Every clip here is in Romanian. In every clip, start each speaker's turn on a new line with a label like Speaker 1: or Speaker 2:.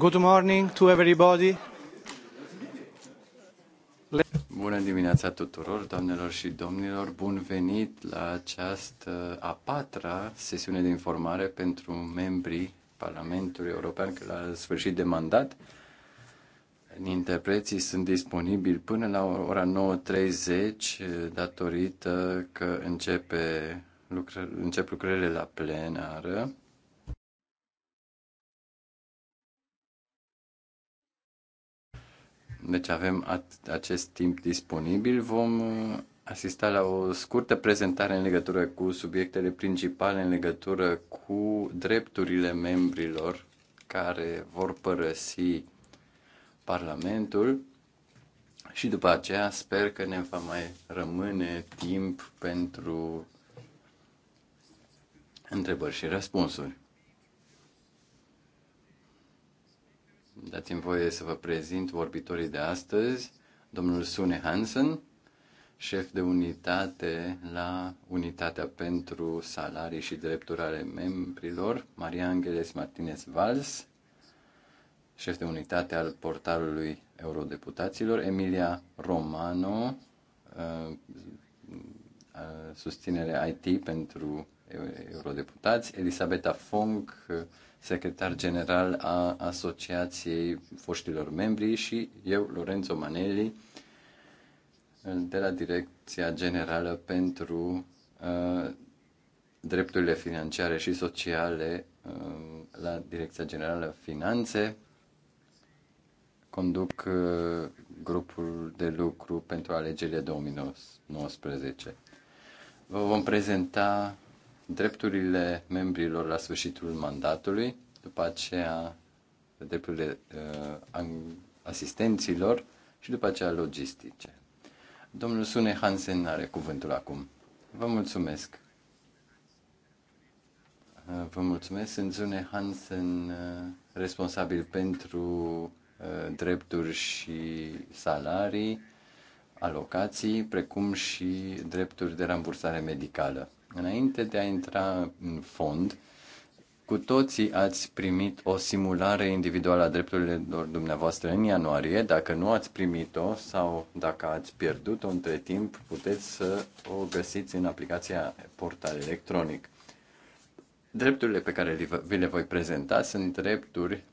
Speaker 1: Good morning to everybody. Bună dimineața tuturor, doamnelor și domnilor. Bun venit la această a patra sesiune de informare pentru membrii Parlamentului European la sfârșit de mandat. Interpreții sunt disponibili până la ora 9.30 datorită că începe lucră, încep lucrările la plenară Deci avem acest timp disponibil. Vom uh, asista la o scurtă prezentare în legătură cu subiectele principale, în legătură cu drepturile membrilor care vor părăsi Parlamentul și după aceea sper că ne va mai rămâne timp pentru întrebări și răspunsuri. Dați-mi voie să vă prezint vorbitorii de astăzi, domnul Sune Hansen, șef de unitate la Unitatea pentru Salarii și Drepturi ale Membrilor, Maria Angeles Martinez Valls, șef de unitate al portalului eurodeputaților, Emilia Romano, uh, susținere IT pentru eurodeputați, Elisabeta Fong, secretar general a Asociației Foștilor Membri și eu, Lorenzo Manelli, de la Direcția Generală pentru uh, Drepturile Financiare și Sociale uh, la Direcția Generală Finanțe. Conduc uh, grupul de lucru pentru alegerile 2019. Vă vom prezenta drepturile membrilor la sfârșitul mandatului, după aceea drepturile uh, asistenților și după aceea logistice. Domnul Sune Hansen are cuvântul acum. Vă mulțumesc. Uh, vă mulțumesc. Sunt Sune Hansen, uh, responsabil pentru uh, drepturi și salarii, alocații, precum și drepturi de rambursare medicală. Înainte de a intra în fond, cu toții ați primit o simulare individuală a drepturilor dumneavoastră în ianuarie. Dacă nu ați primit-o sau dacă ați pierdut-o între timp, puteți să o găsiți în aplicația Portal Electronic. Drepturile pe care vi le voi prezenta sunt drepturi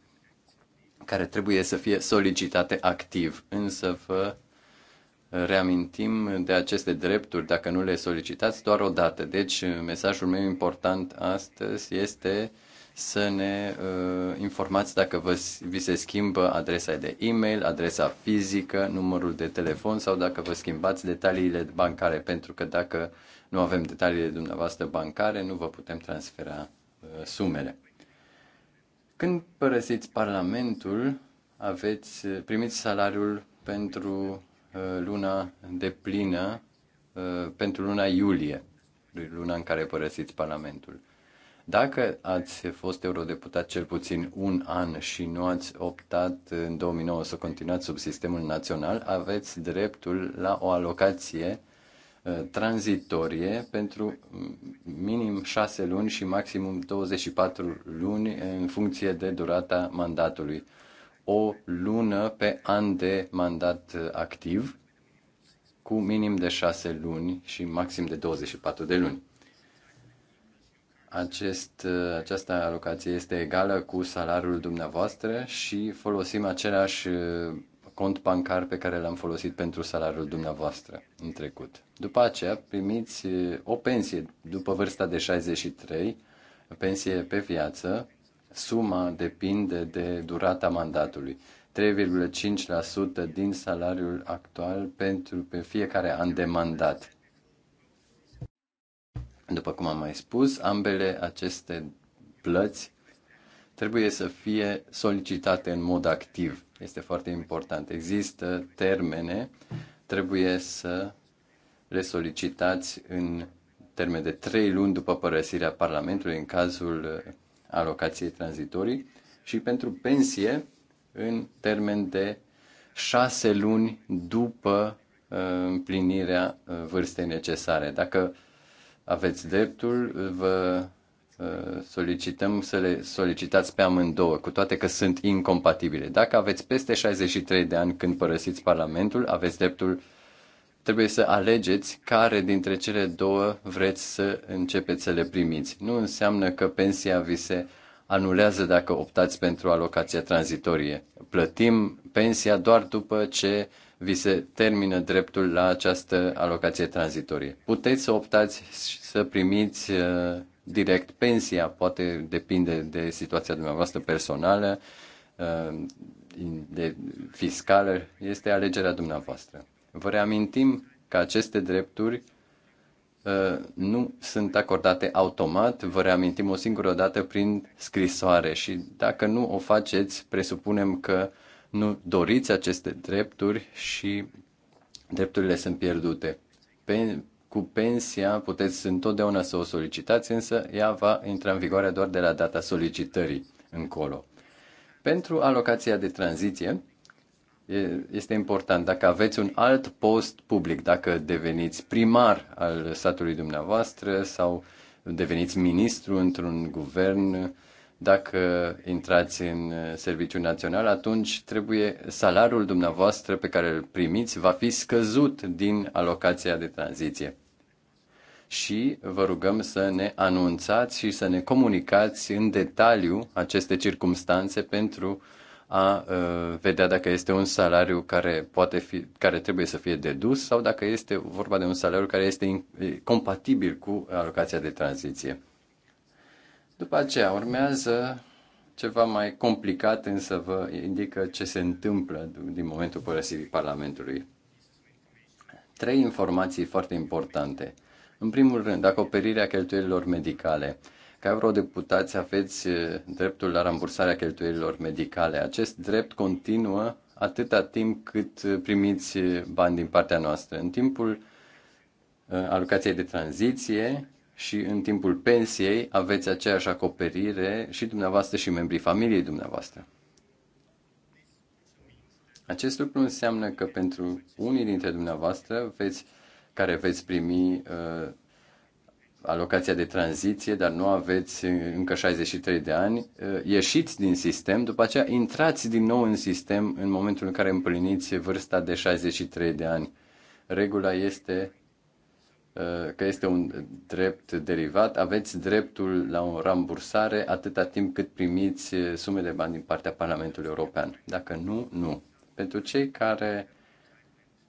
Speaker 1: care trebuie să fie solicitate activ, însă vă reamintim de aceste drepturi dacă nu le solicitați doar o dată. Deci, mesajul meu important astăzi este să ne uh, informați dacă vă, vi se schimbă adresa de e-mail, adresa fizică, numărul de telefon sau dacă vă schimbați detaliile bancare, pentru că dacă nu avem detaliile dumneavoastră bancare, nu vă putem transfera uh, sumele. Când părăsiți Parlamentul, aveți, primiți salariul pentru Uh, luna de plină uh, pentru luna iulie, luna în care părăsiți Parlamentul. Dacă ați fost eurodeputat cel puțin un an și nu ați optat în 2009 să continuați sub sistemul național, aveți dreptul la o alocație uh, tranzitorie pentru minim 6 luni și maximum 24 luni în funcție de durata mandatului o lună pe an de mandat uh, activ, cu minim de 6 luni și maxim de 24 de luni. Acest, uh, această alocație este egală cu salariul dumneavoastră și folosim același uh, cont bancar pe care l-am folosit pentru salariul dumneavoastră în trecut. După aceea primiți o pensie după vârsta de 63, pensie pe viață, Suma depinde de durata mandatului. 3,5% din salariul actual pentru pe fiecare an de mandat. După cum am mai spus, ambele aceste plăți trebuie să fie solicitate în mod activ. Este foarte important. Există termene, trebuie să le solicitați în termen de trei luni după părăsirea Parlamentului în cazul alocației tranzitorii și pentru pensie în termen de șase luni după uh, împlinirea uh, vârstei necesare. Dacă aveți dreptul, vă uh, solicităm să le solicitați pe amândouă, cu toate că sunt incompatibile. Dacă aveți peste 63 de ani când părăsiți Parlamentul, aveți dreptul trebuie să alegeți care dintre cele două vreți să începeți să le primiți. Nu înseamnă că pensia vi se anulează dacă optați pentru alocația tranzitorie. Plătim pensia doar după ce vi se termină dreptul la această alocație tranzitorie. Puteți să optați să primiți uh, direct pensia, poate depinde de situația dumneavoastră personală, uh, de fiscală, este alegerea dumneavoastră. Vă reamintim că aceste drepturi uh, nu sunt acordate automat, vă reamintim o singură dată prin scrisoare și dacă nu o faceți, presupunem că nu doriți aceste drepturi și drepturile sunt pierdute. Pe, cu pensia puteți întotdeauna să o solicitați, însă ea va intra în vigoare doar de la data solicitării încolo. Pentru alocația de tranziție, este important. Dacă aveți un alt post public, dacă deveniți primar al satului dumneavoastră sau deveniți ministru într-un guvern, dacă intrați în serviciu național, atunci trebuie salariul dumneavoastră pe care îl primiți va fi scăzut din alocația de tranziție. Și vă rugăm să ne anunțați și să ne comunicați în detaliu aceste circumstanțe pentru uh, a vedea dacă este un salariu care, poate fi, care trebuie să fie dedus sau dacă este vorba de un salariu care este compatibil cu alocația de tranziție. După aceea urmează ceva mai complicat, însă vă indică ce se întâmplă din momentul părăsirii Parlamentului. Trei informații foarte importante. În primul rând, acoperirea cheltuielilor medicale. Ca eurodeputați aveți eh, dreptul la rambursarea cheltuielilor medicale. Acest drept continuă atâta timp cât eh, primiți eh, bani din partea noastră. În timpul alocației de tranziție și în timpul pensiei aveți aceeași acoperire și dumneavoastră și membrii familiei dumneavoastră. Acest lucru înseamnă că pentru unii dintre dumneavoastră veți, care veți primi uh, alocația de tranziție, dar nu aveți uh, încă 63 de ani, uh, ieșiți din sistem, după aceea intrați din nou în sistem în momentul în care împliniți vârsta de 63 de ani. Regula este uh, că este un drept derivat, aveți dreptul la o rambursare atâta timp cât primiți sume de bani din partea Parlamentului European. Dacă nu, nu. Pentru cei care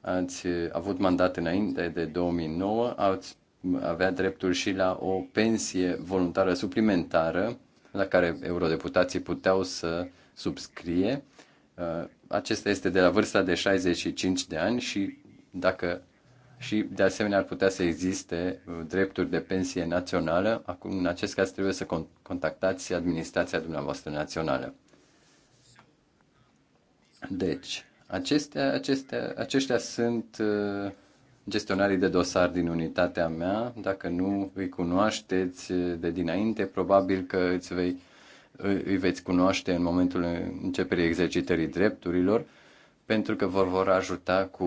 Speaker 1: ați avut mandat înainte de 2009, ați avea dreptul și la o pensie voluntară suplimentară la care eurodeputații puteau să subscrie. Uh, acesta este de la vârsta de 65 de ani și dacă și de asemenea ar putea să existe uh, drepturi de pensie națională. Acum, în acest caz, trebuie să contactați administrația dumneavoastră națională. Deci, acestea, acestea, aceștia sunt uh, gestionarii de dosar din unitatea mea. Dacă nu îi cunoașteți de dinainte, probabil că îți vei, îi veți cunoaște în momentul începerii exercitării drepturilor, pentru că vor vor ajuta cu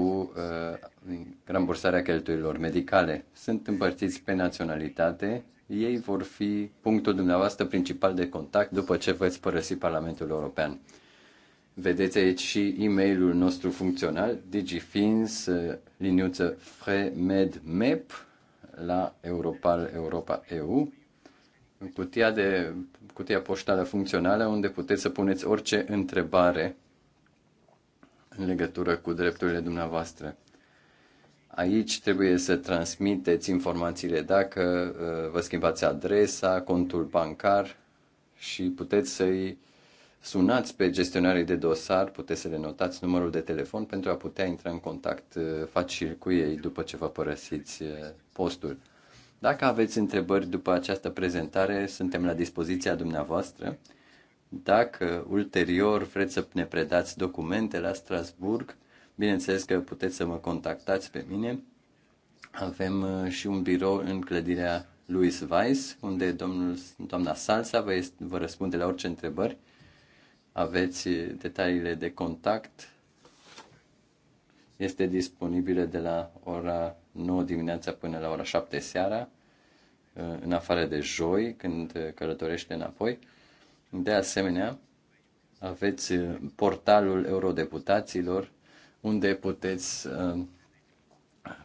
Speaker 1: uh, rambursarea cheltuielor medicale. Sunt împărțiți pe naționalitate, ei vor fi punctul dumneavoastră principal de contact după ce veți părăsi Parlamentul European. Vedeți aici și e-mailul nostru funcțional, digifins, uh, liniuță fremedmep la Europal Europa EU. Cutia, de, cutia poștală funcțională unde puteți să puneți orice întrebare în legătură cu drepturile dumneavoastră. Aici trebuie să transmiteți informațiile dacă uh, vă schimbați adresa, contul bancar și puteți să-i sunați pe gestionarii de dosar, puteți să le notați numărul de telefon pentru a putea intra în contact uh, facil cu ei după ce vă părăsiți uh, postul. Dacă aveți întrebări după această prezentare, suntem la dispoziția dumneavoastră. Dacă ulterior vreți să ne predați documente la Strasburg, bineînțeles că puteți să mă contactați pe mine. Avem uh, și un birou în clădirea Louis Weiss, unde domnul, doamna Salsa vă, este, vă răspunde la orice întrebări aveți detaliile de contact. Este disponibilă de la ora 9 dimineața până la ora 7 seara, în afară de joi, când călătorește înapoi. De asemenea, aveți portalul eurodeputaților, unde puteți,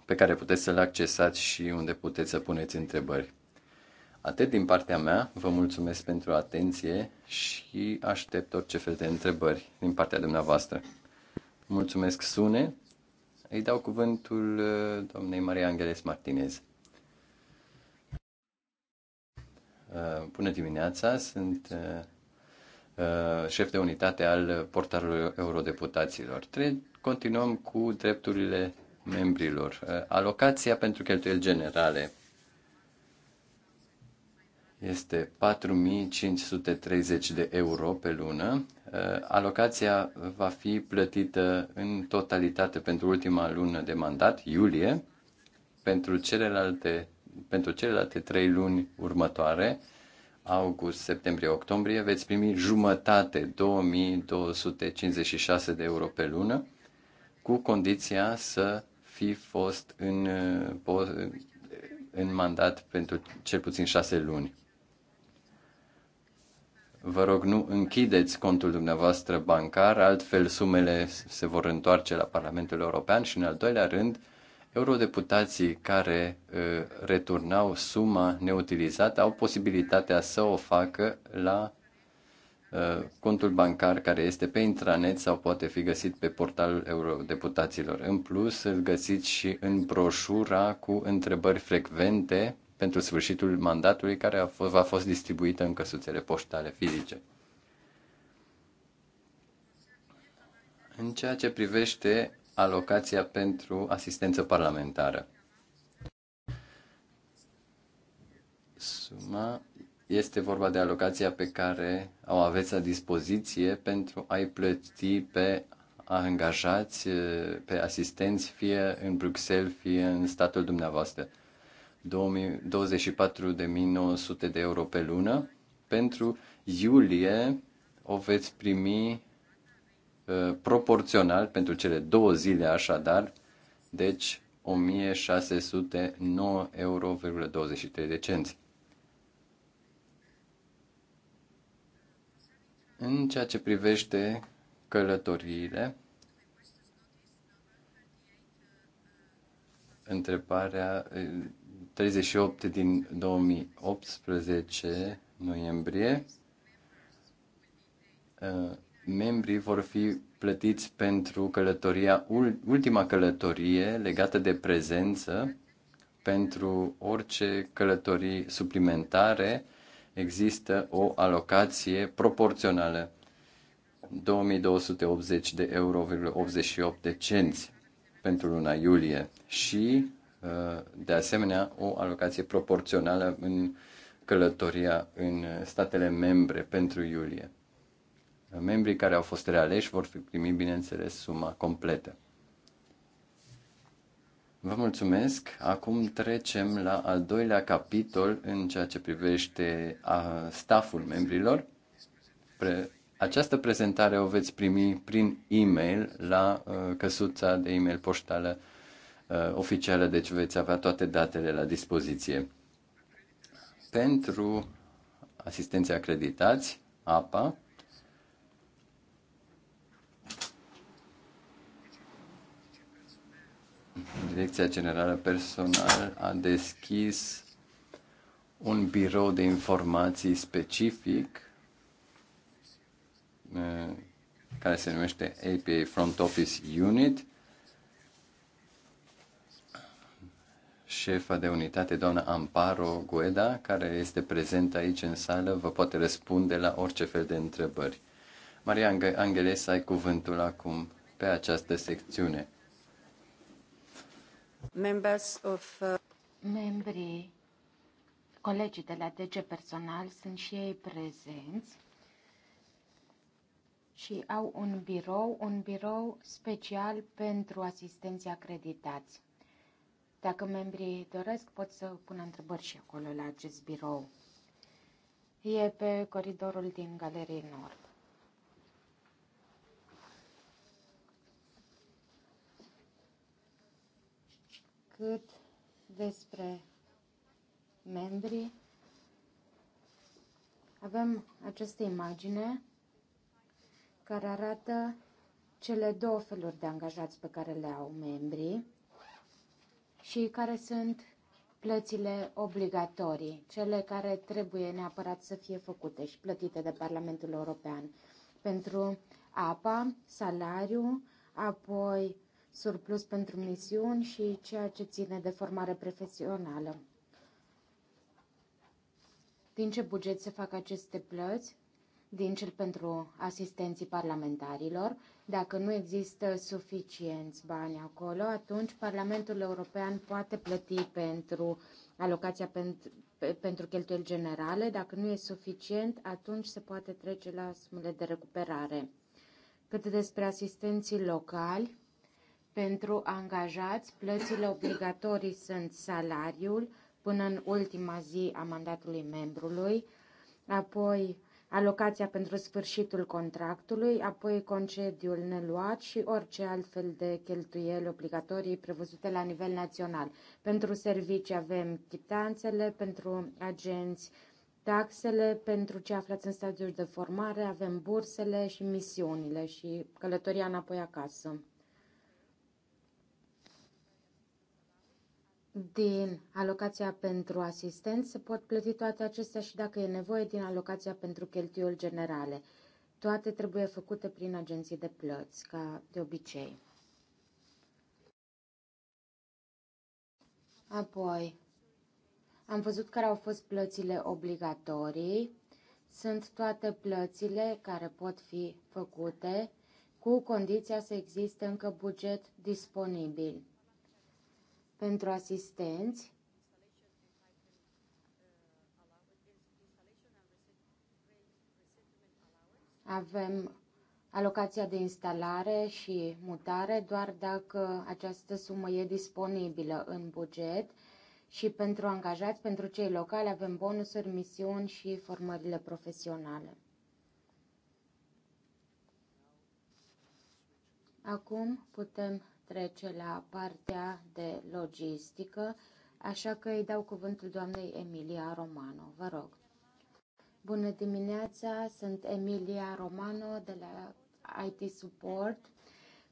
Speaker 1: pe care puteți să-l accesați și unde puteți să puneți întrebări. Atât din partea mea, vă mulțumesc pentru atenție și aștept orice fel de întrebări din partea dumneavoastră. Mulțumesc, Sune. Îi dau cuvântul uh, doamnei Maria Angeles Martinez. Uh, bună dimineața, sunt uh, șef de unitate al portarului eurodeputaților. Continuăm cu drepturile membrilor. Alocația pentru cheltuieli generale este 4530 de euro pe lună. Uh, alocația va fi plătită în totalitate pentru ultima lună de mandat, iulie, pentru celelalte, pentru celelalte trei luni următoare, august, septembrie, octombrie, veți primi jumătate, 2256 de euro pe lună, cu condiția să fi fost în, uh, în mandat pentru cel puțin șase luni. Vă rog, nu închideți contul dumneavoastră bancar, altfel sumele se vor întoarce la Parlamentul European și, în al doilea rând, eurodeputații care uh, returnau suma neutilizată au posibilitatea să o facă la uh, contul bancar care este pe intranet sau poate fi găsit pe portalul eurodeputaților. În plus, îl găsiți și în broșura cu întrebări frecvente pentru sfârșitul mandatului care a fost, a fost distribuită în căsuțele poștale fizice. În ceea ce privește alocația pentru asistență parlamentară. Suma este vorba de alocația pe care o aveți la dispoziție pentru a-i plăti pe angajați, pe asistenți, fie în Bruxelles, fie în statul dumneavoastră. 24.900 de euro pe lună. Pentru iulie o veți primi uh, proporțional pentru cele două zile așadar, deci 1609,23 euro de cenți. În ceea ce privește călătoriile, întrebarea uh, 38 din 2018 noiembrie, uh, membrii vor fi plătiți pentru călătoria, ultima călătorie legată de prezență, pentru orice călătorii suplimentare există o alocație proporțională 2280 de euro, 88 de cenți pentru luna iulie și Uh, de asemenea o alocație proporțională în călătoria în statele membre pentru iulie. Uh, membrii care au fost realeși vor fi primi, bineînțeles, suma completă. Vă mulțumesc. Acum trecem la al doilea capitol în ceea ce privește staful stafful membrilor. Pre- această prezentare o veți primi prin e-mail la uh, căsuța de e-mail poștală Uh, oficială, deci veți avea toate datele la dispoziție. Pentru asistenții acreditați, APA, Direcția Generală Personal a deschis un birou de informații specific uh, care se numește APA Front Office Unit șefa de unitate, doamna Amparo Gueda, care este prezentă aici în sală, vă poate răspunde la orice fel de întrebări. Maria Angeles, ai cuvântul acum pe această secțiune.
Speaker 2: Members of, uh...
Speaker 3: Membrii, colegii de la DG Personal sunt și ei prezenți și au un birou, un birou special pentru asistenții acreditați. Dacă membrii doresc, pot să pună întrebări și acolo la acest birou. E pe coridorul din galerie Nord. Cât despre membrii, avem această imagine care arată cele două feluri de angajați pe care le au membrii și care sunt plățile obligatorii, cele care trebuie neapărat să fie făcute și plătite de Parlamentul European pentru apa, salariu, apoi surplus pentru misiuni și ceea ce ține de formare profesională. Din ce buget se fac aceste plăți? din cel pentru asistenții parlamentarilor. Dacă nu există suficienți bani acolo, atunci Parlamentul European poate plăti pentru alocația pentru, pentru cheltuieli generale. Dacă nu e suficient, atunci se poate trece la sumele de recuperare. Cât despre asistenții locali, pentru angajați, plățile obligatorii sunt salariul până în ultima zi a mandatului membrului, apoi alocația pentru sfârșitul contractului, apoi concediul neluat și orice altfel de cheltuieli obligatorii prevăzute la nivel național. Pentru servicii avem chitanțele, pentru agenți taxele, pentru ce aflați în stadiul de formare avem bursele și misiunile și călătoria înapoi acasă. din alocația pentru asistență, se pot plăti toate acestea și dacă e nevoie din alocația pentru cheltuieli generale. Toate trebuie făcute prin agenții de plăți, ca de obicei. Apoi, am văzut care au fost plățile obligatorii. Sunt toate plățile care pot fi făcute cu condiția să existe încă buget disponibil pentru asistenți avem alocația de instalare și mutare doar dacă această sumă e disponibilă în buget și pentru angajați, pentru cei locali, avem bonusuri, misiuni și formările profesionale. Acum putem trece la partea de logistică, așa că îi dau cuvântul doamnei Emilia Romano. Vă rog. Bună dimineața, sunt Emilia Romano de la IT Support.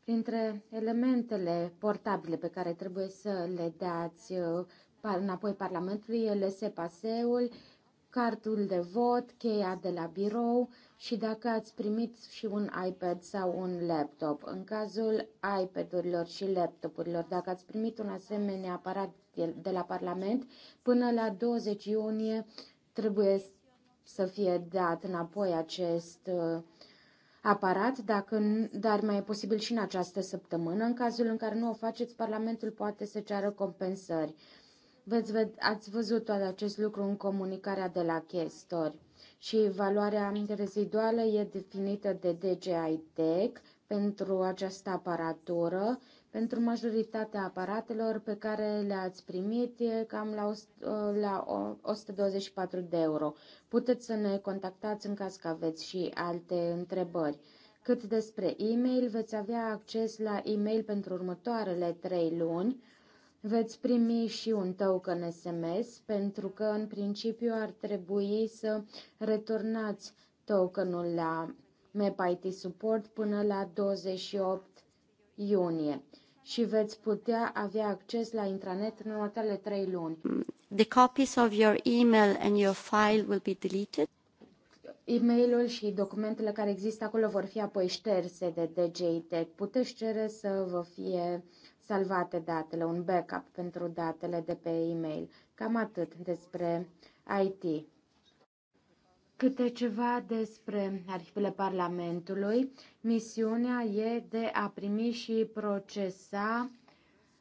Speaker 3: Printre elementele portabile pe care trebuie să le dați uh, înapoi Parlamentului, ele se ul cartul de vot, cheia de la birou, și dacă ați primit și un iPad sau un laptop. În cazul iPad-urilor și laptopurilor, dacă ați primit un asemenea aparat de la Parlament, până la 20 iunie trebuie să fie dat înapoi acest uh, aparat, dacă, dar mai e posibil și în această săptămână. În cazul în care nu o faceți, Parlamentul poate să ceară compensări. Veți, ați văzut tot acest lucru în comunicarea de la chestori și valoarea reziduală e definită de DJI Tech pentru această aparatură. Pentru majoritatea aparatelor pe care le-ați primit e cam la, la 124 de euro. Puteți să ne contactați în caz că aveți și alte întrebări. Cât despre e-mail, veți avea acces la e-mail pentru următoarele 3 luni Veți primi și un token SMS pentru că în principiu ar trebui să returnați tokenul la MapIT Support până la 28 iunie și veți putea avea acces la intranet în următoarele trei
Speaker 2: luni. The copies of your email and your file will be deleted.
Speaker 3: E-mailul și documentele care există acolo vor fi apoi șterse de DJI Tech. Puteți cere să vă fie uh, salvate datele, un backup pentru datele de pe e-mail. Cam atât despre IT. Câte ceva despre arhivele Parlamentului. Misiunea e de a primi și procesa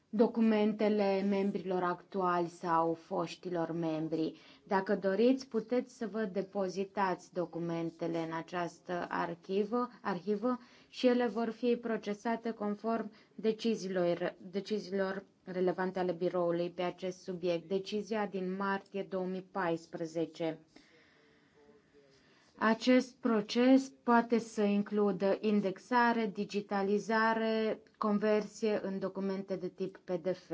Speaker 3: documentele membrilor actuali sau foștilor membri. Dacă doriți, puteți să vă depozitați documentele în această arhivă, arhivă și ele vor fi procesate conform deciziilor, deciziilor relevante ale biroului pe acest subiect. Decizia din martie 2014. Acest proces poate să includă indexare, digitalizare, conversie în documente de tip PDF.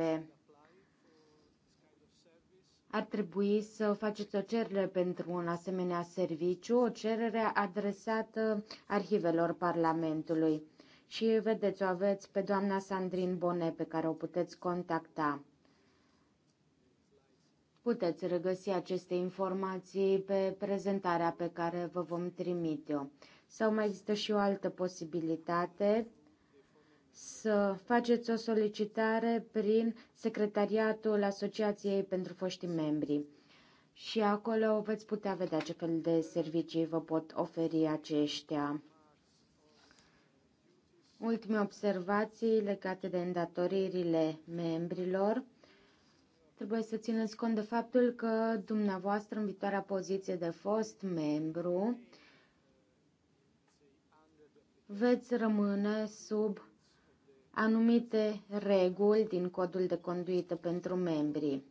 Speaker 3: Ar trebui să faceți o cerere pentru un asemenea serviciu, o cerere adresată arhivelor Parlamentului. Și vedeți, o aveți pe doamna Sandrin Bone pe care o puteți contacta. Puteți regăsi aceste informații pe prezentarea pe care vă vom trimite-o. Sau mai există și o altă posibilitate să faceți o solicitare prin Secretariatul Asociației pentru foștii membri. Și acolo veți putea vedea ce fel de servicii vă pot oferi aceștia. Ultime observații legate de îndatoririle membrilor. Trebuie să țineți cont de faptul că dumneavoastră în viitoarea poziție de fost membru veți rămâne sub anumite reguli din codul de conduită pentru membrii.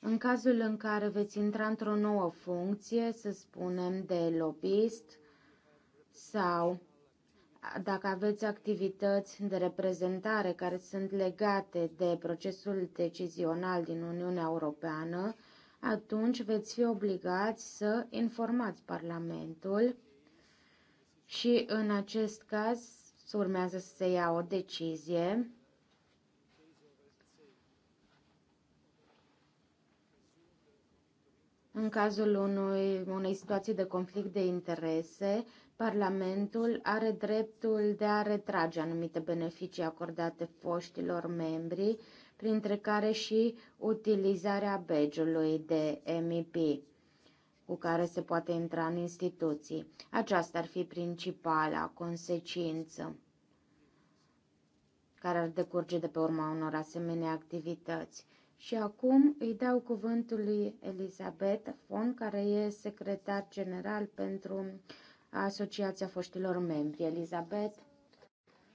Speaker 3: În cazul în care veți intra într-o nouă funcție, să spunem de lobbyist sau dacă aveți activități de reprezentare care sunt legate de procesul decizional din Uniunea Europeană, atunci veți fi obligați să informați Parlamentul și în acest caz urmează să se ia o decizie. În cazul unui, unei situații de conflict de interese, Parlamentul are dreptul de a retrage anumite beneficii acordate foștilor membri, printre care și utilizarea badge-ului de MEP cu care se poate intra în instituții. Aceasta ar fi principala consecință care ar decurge de pe urma unor asemenea activități. Și acum îi dau cuvântul lui Elisabeth Fon, care e secretar general pentru Asociația Foștilor Membri, Elizabeth.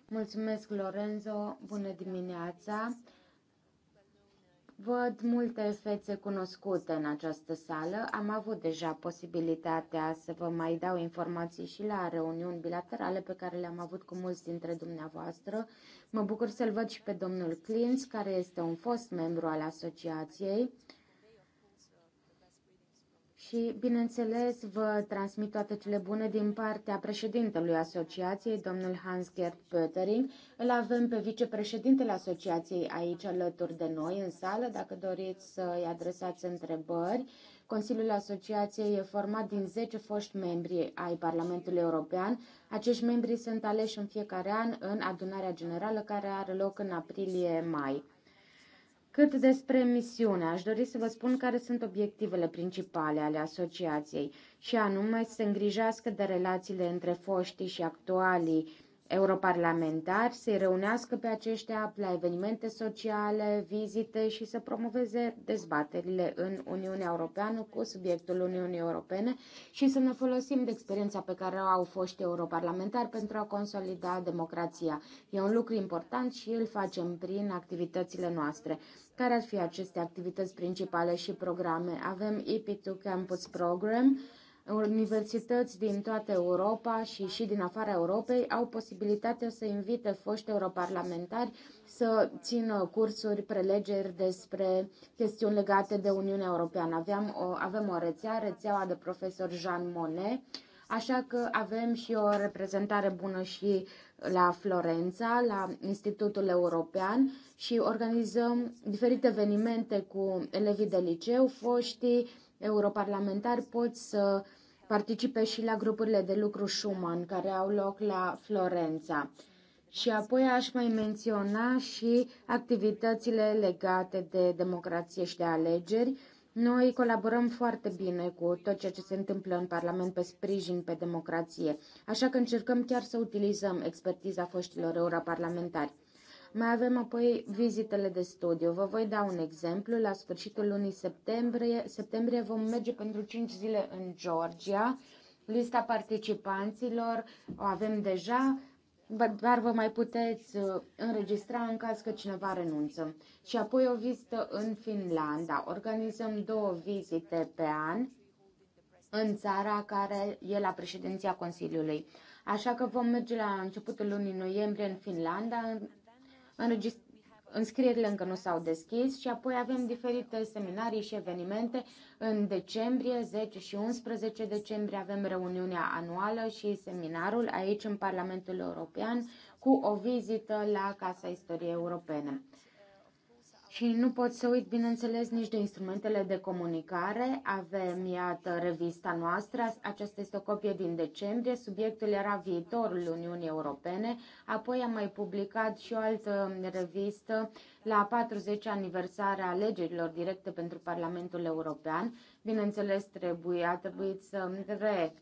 Speaker 3: Mulțumesc, Lorenzo. Bună dimineața. Văd multe fețe cunoscute în această sală. Am avut deja posibilitatea să vă mai dau informații și la reuniuni bilaterale pe care le-am avut cu mulți dintre dumneavoastră. Mă bucur să-l văd și pe domnul Clins, care este un fost membru al asociației. Și, bineînțeles, vă transmit toate cele bune din partea președintelui asociației, domnul Hans-Gerd Pöttering. Îl avem pe vicepreședintele asociației aici alături de noi în sală, dacă doriți să-i adresați întrebări. Consiliul Asociației e format din 10 foști membri ai Parlamentului European. Acești membri sunt aleși în fiecare an în adunarea generală care are loc în aprilie-mai. Cât despre misiune, aș dori să vă spun care sunt obiectivele principale ale asociației, și anume să se îngrijească de relațiile între foștii și actualii europarlamentari, să-i reunească pe aceștia la evenimente sociale, vizite și să promoveze dezbaterile în Uniunea Europeană cu subiectul Uniunii Europene și să ne folosim de experiența pe care au fost europarlamentari pentru a consolida democrația. E un lucru important și îl facem prin activitățile noastre. Care ar fi aceste activități principale și programe? Avem EP2 Campus Program, Universități din toată Europa și și din afara Europei au posibilitatea să invite foști europarlamentari să țină cursuri, prelegeri despre chestiuni legate de Uniunea Europeană. Aveam o, avem o rețea, rețeaua de profesor Jean Monnet, așa că avem și o reprezentare bună și la Florența, la Institutul European și organizăm diferite evenimente cu elevii de liceu, foștii europarlamentari pot să participe și la grupurile de lucru Schumann care au loc la Florența. Și apoi aș mai menționa și activitățile legate de democrație și de alegeri. Noi colaborăm foarte bine cu tot ceea ce se întâmplă în Parlament pe sprijin, pe democrație, așa că încercăm chiar să utilizăm expertiza foștilor europarlamentari. Mai avem apoi vizitele de studiu. Vă voi da un exemplu. La sfârșitul lunii septembrie, septembrie vom merge pentru 5 zile în Georgia. Lista participanților o avem deja, dar vă mai puteți uh, înregistra în caz că cineva renunță. Și apoi o vizită în Finlanda. Organizăm două vizite pe an în țara care e la președinția Consiliului. Așa că vom merge la începutul lunii noiembrie în Finlanda, Înscrierile încă nu s-au deschis și apoi avem diferite seminarii și evenimente. În decembrie, 10 și 11 decembrie, avem reuniunea anuală și seminarul aici în Parlamentul European cu o vizită la Casa Istoriei Europene. Și nu pot să uit, bineînțeles, nici de instrumentele de comunicare. Avem, iată, revista noastră. Aceasta este o copie din decembrie. Subiectul era viitorul Uniunii Europene. Apoi am mai publicat și o altă revistă la 40 aniversarea alegerilor directe pentru Parlamentul European. Bineînțeles, trebuie, a trebuit să re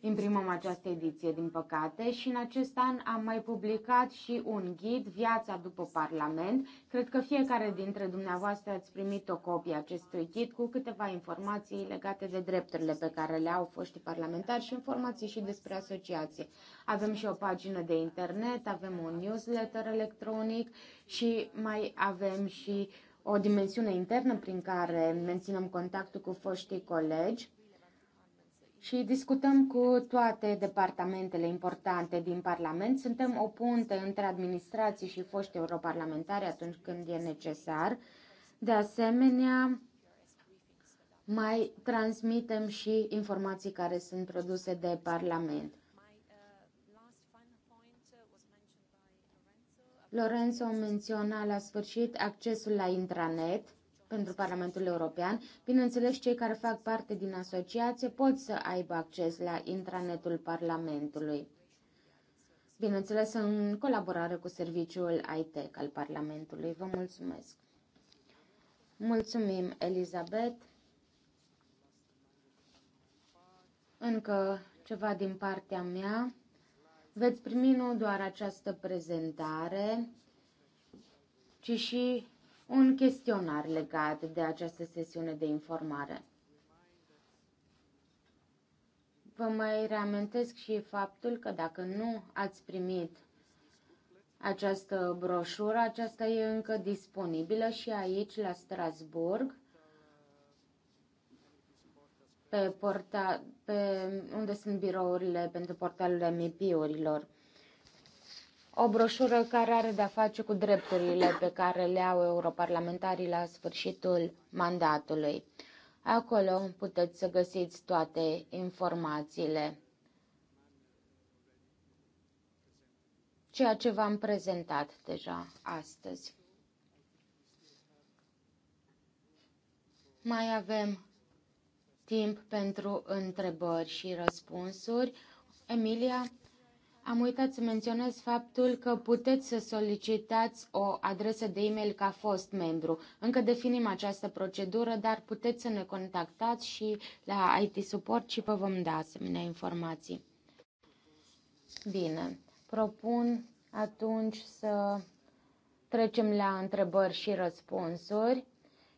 Speaker 3: imprimăm această ediție, din păcate, și în acest an am mai publicat și un ghid, Viața după Parlament. Cred că fiecare dintre dumneavoastră ați primit o copie acestui ghid cu câteva informații legate de drepturile pe care le au foștii parlamentari și informații și despre asociație. Avem și o pagină de internet, avem un newsletter electronic și mai avem și o dimensiune internă prin care menținem contactul cu foștii colegi și discutăm cu toate departamentele importante din Parlament. Suntem o punte între administrații și foști europarlamentari atunci când e necesar. De asemenea, mai transmitem și informații care sunt produse de Parlament. Lorenzo menționa la sfârșit accesul la intranet pentru Parlamentul European. Bineînțeles, cei care fac parte din asociație pot să aibă acces la intranetul Parlamentului. Bineînțeles, în colaborare cu serviciul ITEC al Parlamentului. Vă mulțumesc! Mulțumim, Elizabeth! Încă ceva din partea mea. Veți primi nu doar această prezentare, ci și un chestionar legat de această sesiune de informare. Vă mai reamintesc și faptul că dacă nu ați primit această broșură, aceasta e încă disponibilă și aici la Strasburg, pe, porta, pe unde sunt birourile pentru portalul MIP-urilor o broșură care are de-a face cu drepturile pe care le au europarlamentarii la sfârșitul mandatului. Acolo puteți să găsiți toate informațiile. Ceea ce v-am prezentat deja astăzi. Mai avem timp pentru întrebări și răspunsuri. Emilia, am uitat să menționez faptul că puteți să solicitați o adresă de e-mail ca fost membru. Încă definim această procedură, dar puteți să ne contactați și la IT Support și vă vom da asemenea informații. Bine, propun atunci să trecem la întrebări și răspunsuri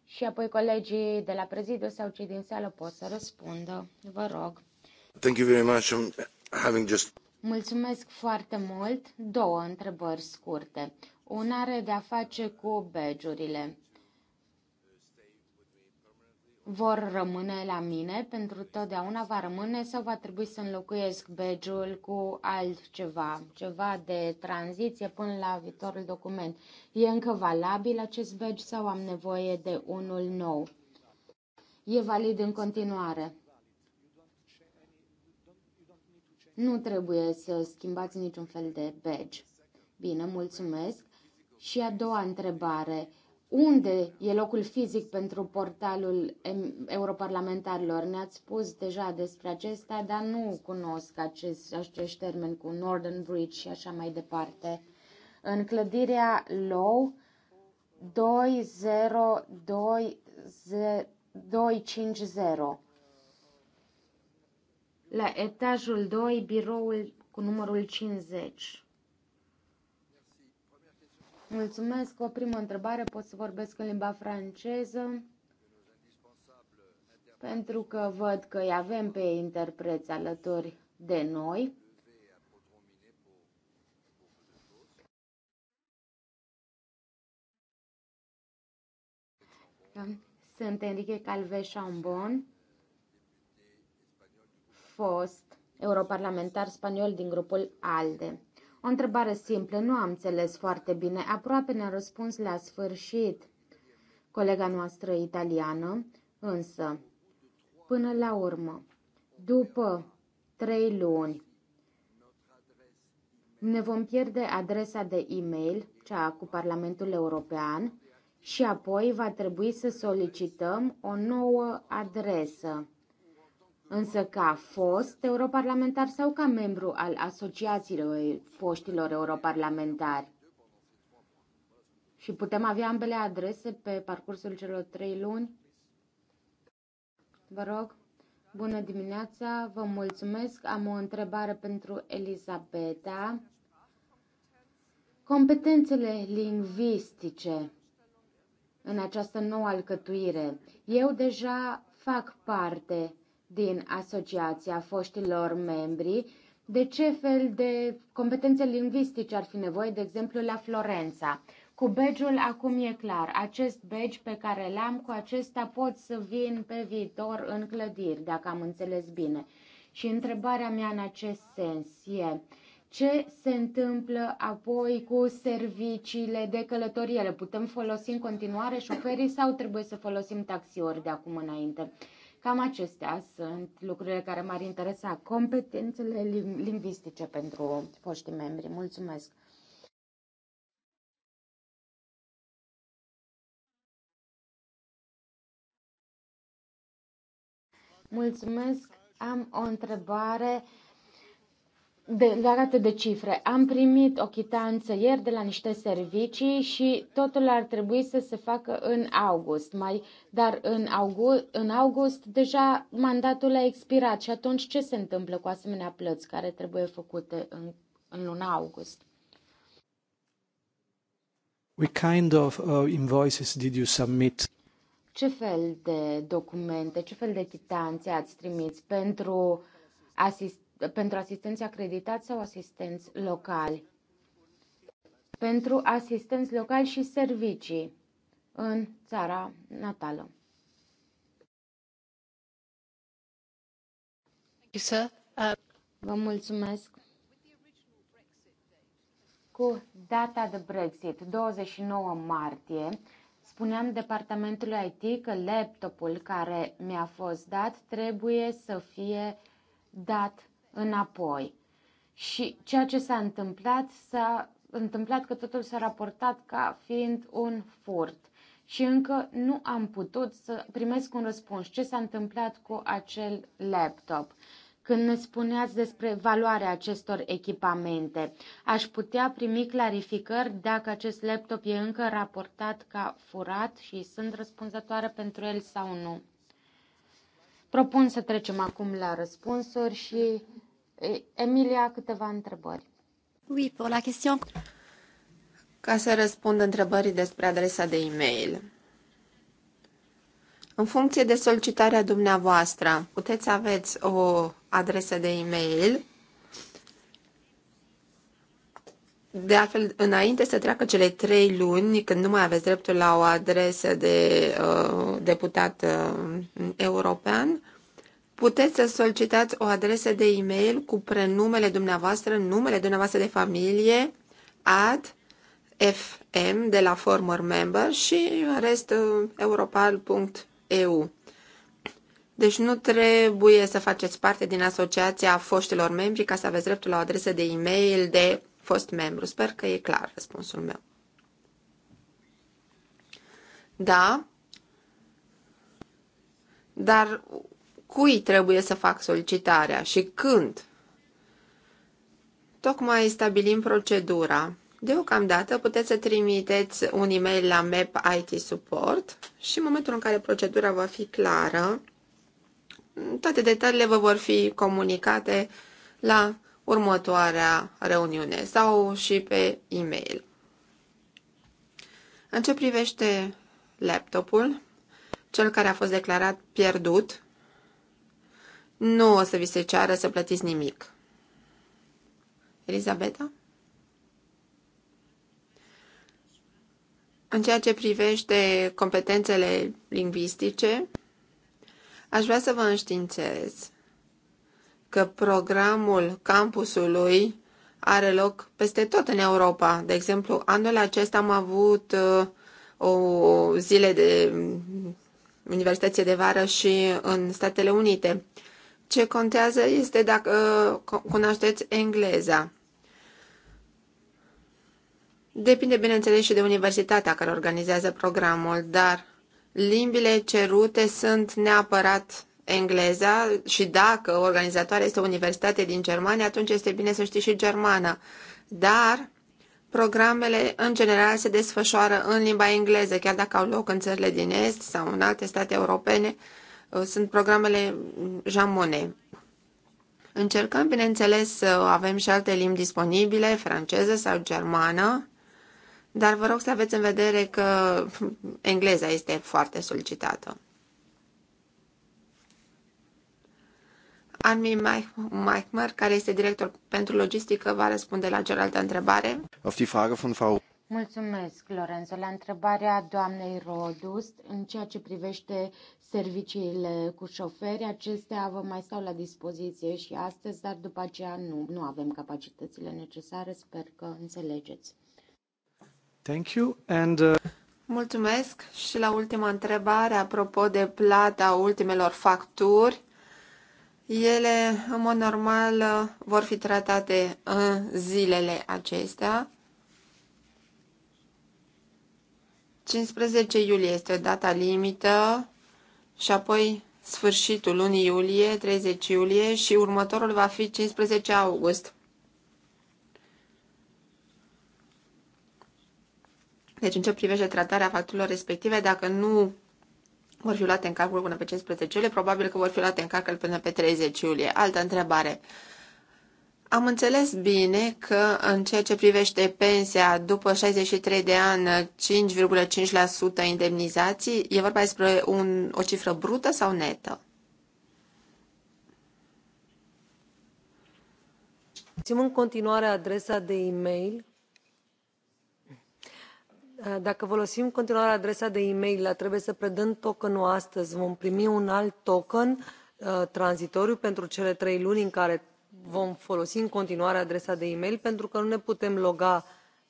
Speaker 3: și apoi colegii de la prezidiu sau cei din sală pot să răspundă. Vă rog.
Speaker 1: Thank you very much. I'm having just
Speaker 3: Mulțumesc foarte mult. Două întrebări scurte. Una are de a face cu bejurile. Vor rămâne la mine pentru totdeauna va rămâne sau va trebui să înlocuiesc begiul cu altceva, ceva de tranziție până la viitorul document. E încă valabil acest badge sau am nevoie de unul nou? E valid în continuare. Nu trebuie să schimbați niciun fel de badge. Bine, mulțumesc. Și a doua întrebare. Unde e locul fizic pentru portalul europarlamentarilor? Ne-ați spus deja despre acesta, dar nu cunosc acest, acest termen cu Northern Bridge și așa mai departe. În clădirea LOW 20250 la etajul 2, biroul cu numărul 50. Mulțumesc. O primă întrebare. Pot să vorbesc în limba franceză? Pentru că văd că îi avem pe interpreți alături de noi. Sunt Enrique Calve Chambon fost europarlamentar spaniol din grupul ALDE. O întrebare simplă, nu am înțeles foarte bine, aproape ne-a răspuns la sfârșit colega noastră italiană, însă, până la urmă, după trei luni, ne vom pierde adresa de e-mail, cea cu Parlamentul European, și apoi va trebui să solicităm o nouă adresă. Însă ca fost europarlamentar sau ca membru al asociațiilor foștilor europarlamentari? Și putem avea ambele adrese pe parcursul celor trei luni? Vă rog, bună dimineața, vă mulțumesc. Am o întrebare pentru Elisabeta. Competențele lingvistice în această nouă alcătuire. Eu deja fac parte din asociația foștilor membri de ce fel de competențe lingvistice ar fi nevoie, de exemplu, la Florența. Cu badge-ul acum e clar. Acest badge pe care l-am, cu acesta pot să vin pe viitor în clădiri, dacă am înțeles bine. Și întrebarea mea în acest sens e ce se întâmplă apoi cu serviciile de călătorie? Le putem folosi în continuare șoferii sau trebuie să folosim taxiuri de acum înainte? Cam acestea sunt lucrurile care m-ar interesa, competențele lingvistice pentru foștii membri. Mulțumesc!
Speaker 4: Mulțumesc! Am o
Speaker 3: întrebare legate de cifre, am primit o chitanță ieri de la niște servicii și totul ar trebui să se facă în august, mai, dar în august, în august deja mandatul a expirat și atunci ce se întâmplă cu asemenea plăți care trebuie făcute în, în luna august?
Speaker 4: What kind of uh, invoices did you submit?
Speaker 3: Ce fel de documente, ce fel de chitanțe ați trimis pentru asist pentru asistenți acreditați sau asistenți locali. Pentru asistenți locali și servicii în țara natală. Uh, Vă mulțumesc. Cu data de Brexit, 29 martie, spuneam departamentului IT că laptopul care mi-a fost dat trebuie să fie dat înapoi. Și ceea ce s-a întâmplat, s-a întâmplat că totul s-a raportat ca fiind un furt și încă nu am putut să primesc un răspuns. Ce s-a întâmplat cu acel laptop? Când ne spuneați despre valoarea acestor echipamente, aș putea primi clarificări dacă acest laptop e încă raportat ca furat și sunt răspunzătoare pentru el sau nu. Propun să trecem acum la răspunsuri și Emilia câteva întrebări. Oui, pour la question.
Speaker 2: Ca să răspund întrebării despre adresa de e-mail. În funcție de solicitarea dumneavoastră, puteți aveți o adresă de e-mail De altfel, înainte să treacă cele trei luni, când nu mai aveți dreptul la o adresă de uh, deputat uh, european, puteți să solicitați o adresă de e-mail cu prenumele dumneavoastră, numele dumneavoastră de familie, ad fm de la former member și rest uh, europal.eu. Deci nu trebuie să faceți parte din asociația foștilor membri ca să aveți dreptul la o adresă de e-mail de fost membru. Sper că e clar răspunsul meu. Da, dar cui trebuie să fac solicitarea și când? Tocmai stabilim procedura. Deocamdată puteți să trimiteți un e-mail la MEP IT Support și în momentul în care procedura va fi clară, toate detaliile vă vor fi comunicate la următoarea reuniune sau și pe e-mail. În ce privește laptopul, cel care a fost declarat pierdut, nu o să vi se ceară să plătiți nimic. Elisabeta? În ceea ce privește competențele lingvistice, aș vrea să vă înștiințez că programul campusului are loc peste tot în Europa. De exemplu, anul acesta am avut uh, o zile de mm, universității de vară și în Statele Unite. Ce contează este dacă uh, cunoașteți engleza. Depinde, bineînțeles, și de universitatea care organizează programul, dar limbile cerute sunt neapărat engleza și dacă organizatoarea este o universitate din Germania, atunci este bine să știi și germana. Dar programele în general se desfășoară în limba engleză, chiar dacă au loc în țările din Est sau în alte state europene, uh, sunt programele jamone. Încercăm, bineînțeles, să avem și alte limbi disponibile, franceză sau germană, dar vă rog să aveți în vedere că engleza este foarte solicitată. Armin Meichmer, care este director pentru logistică, va răspunde la cealaltă întrebare.
Speaker 1: Auf die Frage von Frau
Speaker 3: Mulțumesc, Lorenzo. La întrebarea doamnei Rodust, în ceea ce privește serviciile cu șoferi, acestea vă mai stau la dispoziție și astăzi, dar după aceea nu, nu avem capacitățile necesare. Sper că înțelegeți.
Speaker 4: Thank you and... Uh...
Speaker 2: Mulțumesc și la ultima întrebare, apropo de plata ultimelor facturi, ele, în mod normal, vor fi tratate în zilele acestea. 15 iulie este data limită și apoi sfârșitul lunii iulie, 30 iulie și următorul va fi 15 august. Deci, în ce privește tratarea facturilor respective, dacă nu vor fi luate în calcul până pe 15 iulie, probabil că vor fi luate în calcul până pe 30 iulie. Altă întrebare. Am înțeles bine că în ceea ce privește pensia după 63 de ani, 5,5% indemnizații, e vorba despre
Speaker 4: un, o cifră brută sau netă? Țin în continuare adresa de e-mail Eh, dacă folosim în continuare adresa de e mail trebuie să predăm tokenul astăzi vom primi un alt token eh, tranzitoriu pentru cele trei luni în care vom folosi în continuare adresa de e mail pentru că nu ne putem loga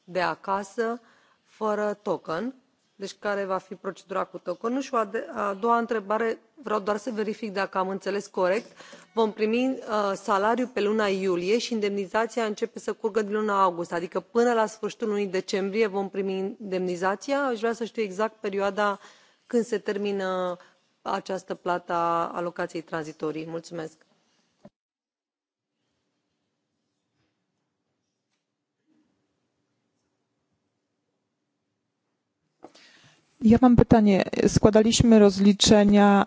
Speaker 4: de acasă fără token deci care va fi procedura cu tokenul? și a doua întrebare vreau doar să verific dacă am înțeles corect vom primi uh, salariul pe luna iulie și indemnizația începe să curgă din luna august adică până la sfârșitul lunii decembrie vom primi indemnizația aș vrea să știu exact perioada când se termină această plată a alocației tranzitorii. mulțumesc.
Speaker 2: Ja mam pytanie. Składaliśmy rozliczenia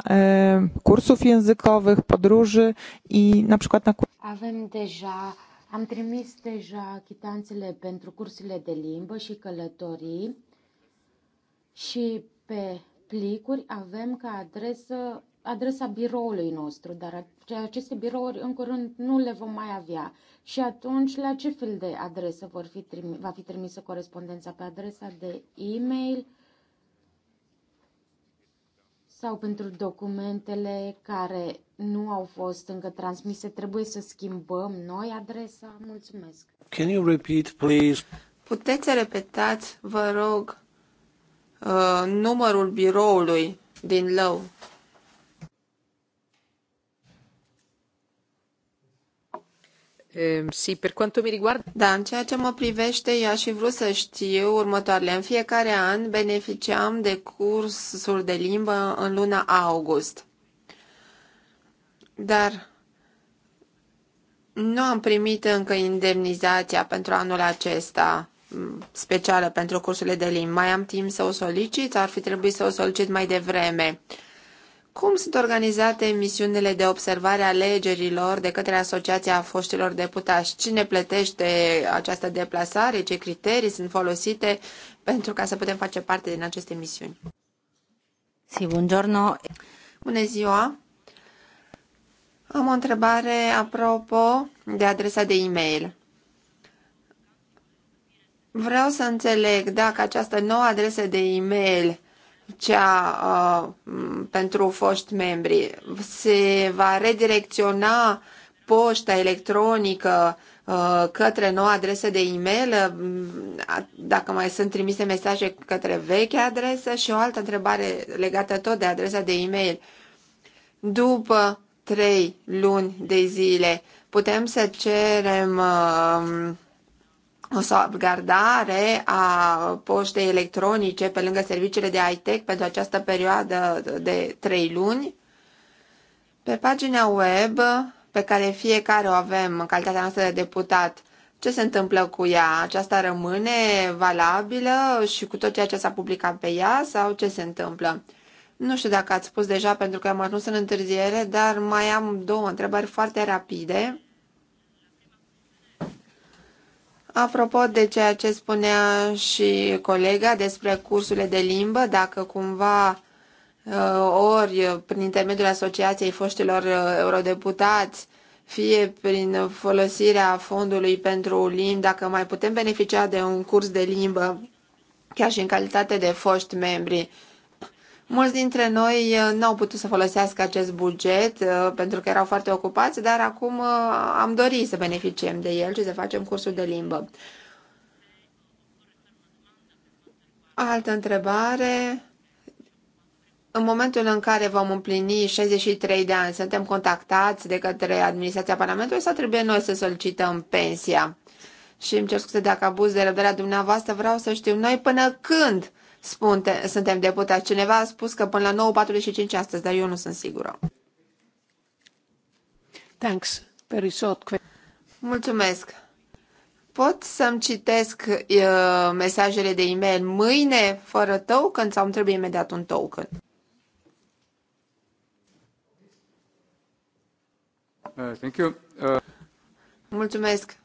Speaker 2: kursów językowych, podróży i na przykład na...
Speaker 3: Avem deja, am trimis deja chitanțele pentru cursurile de limbă și călătorii și pe plicuri avem ca adresă adresa biroului nostru, dar aceste birouri în curând nu le vom mai avea. Și atunci, la ce fel de adresă vor fi trimis, va fi trimisă corespondența? Pe adresa de e-mail? sau pentru documentele care nu au fost încă transmise, trebuie să schimbăm noi adresa? Mulțumesc.
Speaker 2: Can you repeat, please? Puteți repetați, vă rog, uh, numărul biroului din Lău? Ehm, da, în ceea ce mă privește, eu aș fi vrut să știu următoarele. În fiecare an beneficiam de cursuri de limbă în luna august. Dar nu am primit încă indemnizația pentru anul acesta mm, specială pentru cursurile de limbă. Mai am timp să o solicit? Ar fi trebuit să o solicit mai devreme. Uh, cum sunt organizate misiunile de observare a alegerilor de către Asociația Foștilor Deputați? Cine plătește această deplasare? Ce criterii sunt folosite pentru ca să putem face parte din aceste misiuni? Si, buongiorno. Bună ziua! Am o întrebare apropo de adresa de e-mail. Vreau să înțeleg dacă această nouă adresă de e-mail cea uh, pentru foști membri. Se va redirecționa poșta electronică uh, către noua adresă de e-mail, uh, dacă mai sunt trimise mesaje către vechea adresă și o altă întrebare legată tot de adresa de e-mail. După trei luni de zile, putem să cerem uh, o salvgardare a poștei electronice pe lângă serviciile de high-tech pentru această perioadă de trei luni. Pe pagina web, pe care fiecare o avem în calitatea noastră de deputat, ce se întâmplă cu ea? Aceasta rămâne valabilă și cu tot ceea ce s-a publicat pe ea sau ce se întâmplă? Nu știu dacă ați spus deja pentru că am ajuns în întârziere, dar mai am două întrebări foarte rapide. Apropo de ceea ce spunea și colega despre cursurile de limbă, dacă cumva uh, ori prin intermediul Asociației Foștilor uh, Eurodeputați, fie prin folosirea fondului pentru limbi, dacă mai putem beneficia de un curs de limbă, chiar și în calitate de foști membri, Mulți dintre noi uh, nu au putut să folosească acest buget uh, pentru că erau foarte ocupați, dar acum uh, am dorit să beneficiem de el și să facem cursul de limbă. Altă întrebare. În momentul în care vom împlini 63 de ani, suntem contactați de către administrația Parlamentului sau trebuie noi să solicităm pensia? Și îmi cer scuze dacă abuz de răbdarea dumneavoastră, vreau să știu noi până când spun, suntem deputați. Cineva a spus că până la 9.45 astăzi, dar eu nu sunt sigură. Thanks. Very short Mulțumesc. Pot să-mi citesc uh, mesajele de e-mail mâine fără token sau îmi trebuie imediat un token?
Speaker 1: Uh, thank you. Uh...
Speaker 2: Mulțumesc.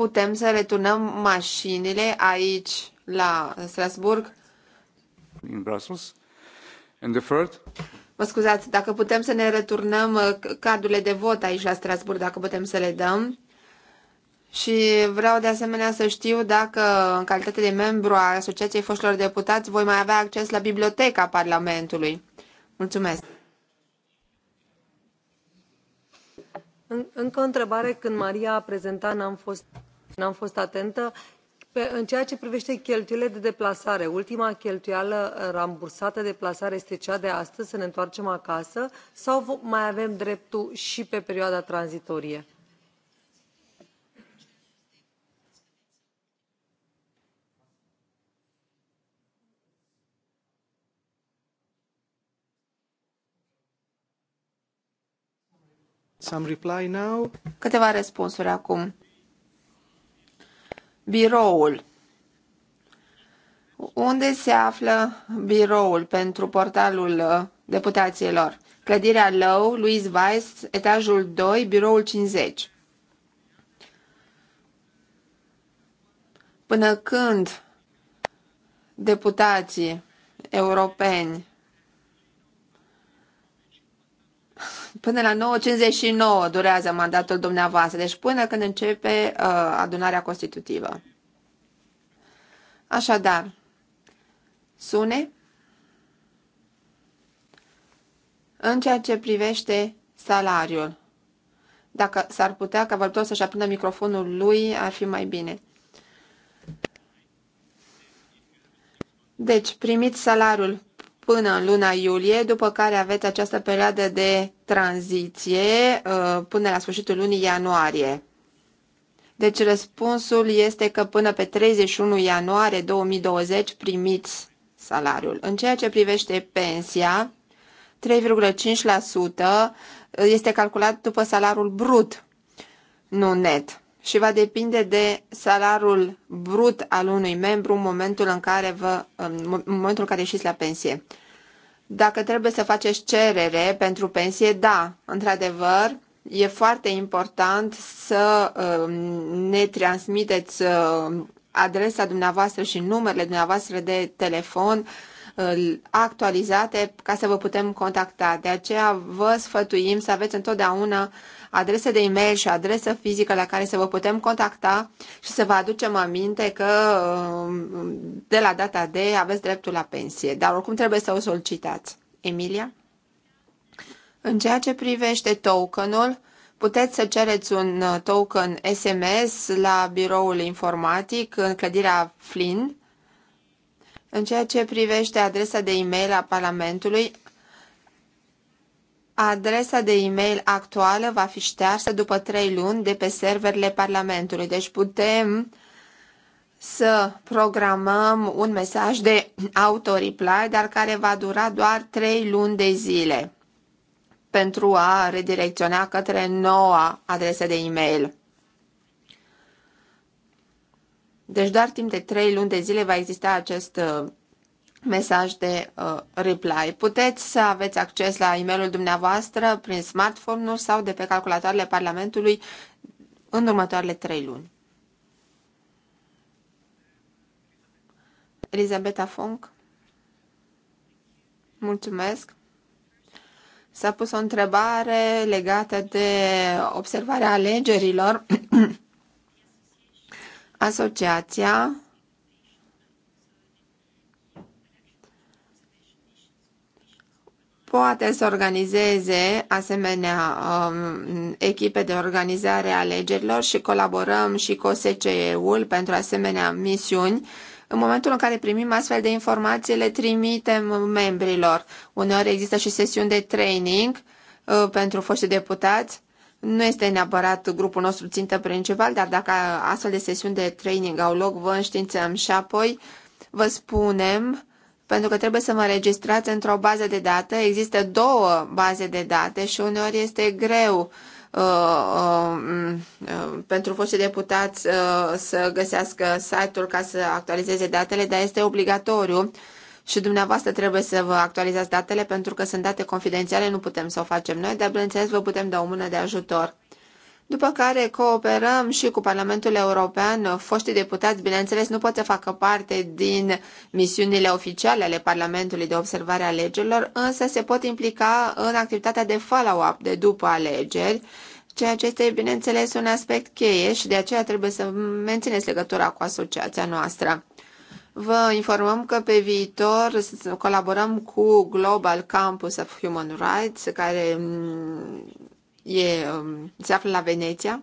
Speaker 2: putem să returnăm mașinile aici la Strasburg.
Speaker 1: In Brussels. And the third?
Speaker 2: Mă scuzați, dacă putem să ne returnăm uh, cardurile de vot aici la Strasburg, dacă putem să le dăm. Și vreau de asemenea să știu dacă, în calitate de membru a Asociației Foștilor Deputați, voi mai avea acces la biblioteca Parlamentului. Mulțumesc!
Speaker 4: În, încă o întrebare. Când Maria a prezentat, n-am fost nu am fost atentă. în ceea ce privește cheltuielile de deplasare, ultima cheltuială uh, rambursată de deplasare este cea de astăzi, să ne întoarcem acasă, sau mai avem dreptul și pe perioada tranzitorie?
Speaker 2: Câteva răspunsuri acum biroul. Unde se află biroul pentru portalul uh, deputaților? Clădirea Low, Louis Weiss, etajul 2, biroul 50. Până când deputații europeni Până la 9.59 durează mandatul dumneavoastră, deci până când începe uh, adunarea constitutivă. Așadar, sune în ceea ce privește salariul. Dacă s-ar putea ca vorbitorul să-și aprindă microfonul lui, ar fi mai bine. Deci, primiți salariul până în luna iulie, după care aveți această perioadă de tranziție uh, până la sfârșitul lunii ianuarie. Deci răspunsul este că până pe 31 ianuarie 2020 primiți salariul. În ceea ce privește pensia, 3,5% este calculat după salariul brut, nu net și va depinde de salarul brut al unui membru în momentul în care, vă, în momentul în care ieșiți la pensie. Dacă trebuie să faceți cerere pentru pensie, da, într-adevăr, e foarte important să um, ne transmiteți um, adresa dumneavoastră și numerele dumneavoastră de telefon actualizate ca să vă putem contacta. De aceea vă sfătuim să aveți întotdeauna adrese de e-mail și adresă fizică la care să vă putem contacta și să vă aducem aminte că um, de la data de aveți dreptul la pensie, dar oricum trebuie să o solicitați. Emilia? În ceea ce privește tokenul, puteți să cereți un uh, token SMS la biroul informatic în clădirea Flynn. În ceea ce privește adresa de e-mail a Parlamentului, Adresa de e-mail actuală va fi ștearsă după trei luni de pe serverele Parlamentului, deci putem să programăm un mesaj de auto-reply, dar care va dura doar trei luni de zile pentru a redirecționa către noua adresă de e-mail. Deci doar timp de trei luni de zile va exista acest uh, mesaj de uh, reply. Puteți să aveți acces la e-mailul dumneavoastră prin smartphone sau de pe calculatoarele Parlamentului în următoarele trei luni. Elizabeta Fonc, mulțumesc. S-a pus o întrebare legată de observarea alegerilor. Asociația poate să organizeze asemenea um, echipe de organizare a alegerilor și colaborăm și cu OSCE-ul pentru asemenea misiuni. În momentul în care primim astfel de informații, le trimitem membrilor. Uneori există și sesiuni de training uh, pentru foștii deputați. Nu este neapărat grupul nostru țintă principal, dar dacă astfel de sesiuni de training au loc, vă înștiințăm și apoi vă spunem pentru că trebuie să mă registrați într-o bază de date. Există două baze de date și uneori este greu uh, uh, mm, uh, pentru foștii deputați uh, să găsească site-ul ca să actualizeze datele, dar este obligatoriu și dumneavoastră trebuie să vă actualizați datele pentru că sunt date confidențiale, nu putem să o facem noi, dar bineînțeles vă putem da o mână de ajutor după care cooperăm și cu Parlamentul European. Foștii deputați, bineînțeles, nu pot să facă parte din misiunile oficiale ale Parlamentului de observare a legilor, însă se pot implica în activitatea de follow-up de după alegeri, ceea ce este, bineînțeles, un aspect cheie și de aceea trebuie să mențineți legătura cu asociația noastră. Vă informăm că pe viitor colaborăm cu Global Campus of Human Rights, care mm, e, um, se află la Veneția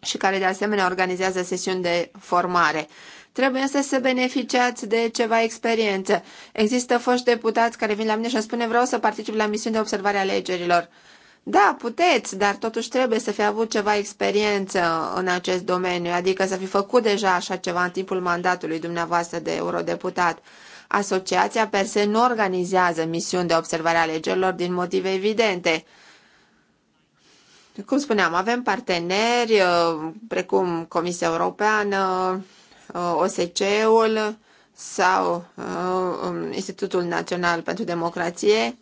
Speaker 2: și care de asemenea organizează sesiuni de formare. Trebuie să se beneficiați de ceva experiență. Există foști deputați care vin la mine și îmi spune vreau să particip la misiuni de observare a alegerilor. Da, puteți, dar totuși trebuie să fi avut ceva experiență în acest domeniu, adică să fi făcut deja așa ceva în timpul mandatului dumneavoastră de eurodeputat. Asociația per se nu organizează misiuni de observare a alegerilor din motive evidente. Cum spuneam, avem parteneri uh, precum Comisia Europeană, uh, OSCE-ul sau uh, um, Institutul Național pentru Democrație,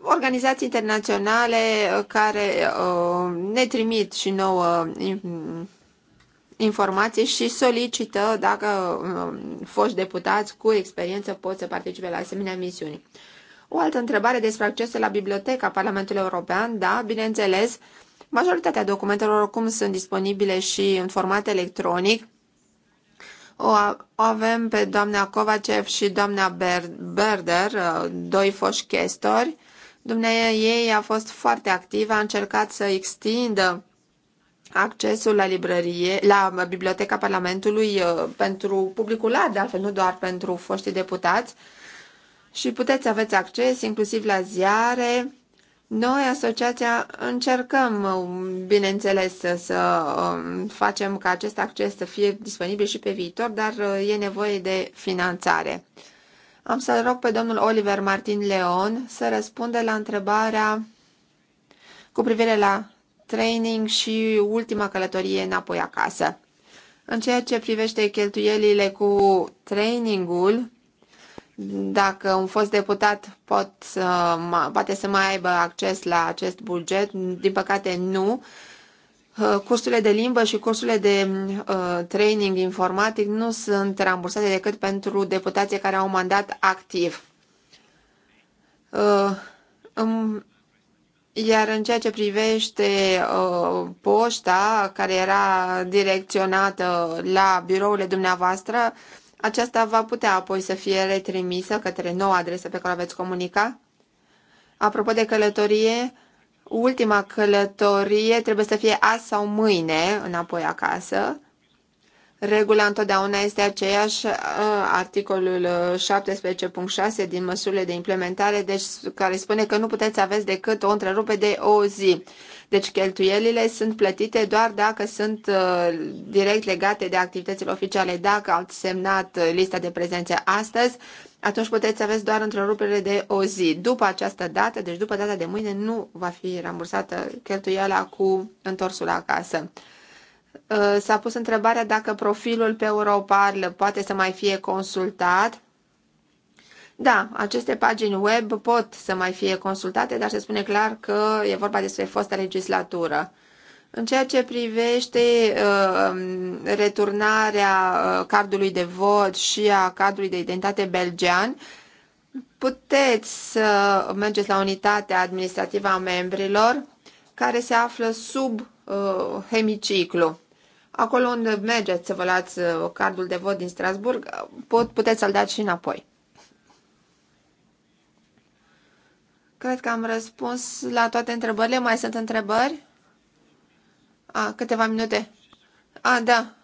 Speaker 2: organizații internaționale care ne trimit și nouă informații și solicită dacă foști deputați cu experiență pot să participe la asemenea misiuni. O altă întrebare despre accesul la biblioteca Parlamentului European, da, bineînțeles, majoritatea documentelor oricum sunt disponibile și în format electronic. O avem pe doamna Kovacev și doamna Berder, uh, doi foști chestori. Dumnezeu ei a fost foarte activă, a încercat să extindă accesul la librărie, la Biblioteca Parlamentului uh, pentru publicul larg, de altfel nu doar pentru foștii deputați și puteți aveți acces inclusiv la ziare. Noi, asociația, încercăm, bineînțeles, să, să um, facem ca acest acces să fie disponibil și pe viitor, dar uh, e nevoie de finanțare. Am să rog pe domnul Oliver Martin Leon să răspundă la întrebarea cu privire la training și ultima călătorie înapoi acasă. În ceea ce privește cheltuielile cu trainingul, dacă un fost deputat pot să, poate să mai aibă acces la acest buget, din păcate nu. Cursurile de limbă și cursurile de uh, training informatic nu sunt rambursate decât pentru deputații care au mandat activ. Uh, um, iar în ceea ce privește uh, poșta care era direcționată la birourile dumneavoastră, uh, aceasta va putea apoi să fie retrimisă către noua adresă pe care o veți comunica. Apropo de călătorie, ultima călătorie trebuie să fie azi sau mâine înapoi acasă, Regula întotdeauna este aceeași, uh, articolul 17.6 uh, din măsurile de implementare, deci, care spune că nu puteți aveți decât o întrerupe de o zi. Deci cheltuielile sunt plătite doar dacă sunt uh, direct legate de activitățile oficiale. Dacă ați semnat lista de prezențe astăzi, atunci puteți aveți doar întrerupere de o zi. După această dată, deci după data de mâine, nu va fi rambursată cheltuiala cu întorsul acasă. Uh, s-a pus întrebarea dacă profilul pe Europarl poate să mai fie consultat. Da, aceste pagini web pot să mai fie consultate, dar se spune clar că e vorba despre fosta legislatură. În ceea ce privește uh, returnarea uh, cardului de vot și a cardului de identitate belgean, puteți să mergeți la unitatea administrativă a membrilor care se află sub uh, hemiciclu acolo unde mergeți să vă luați uh, cardul de vot din Strasburg, uh, pot, puteți să-l dați și înapoi. Cred că am răspuns la toate întrebările. Mai sunt întrebări? A, câteva minute. A, da.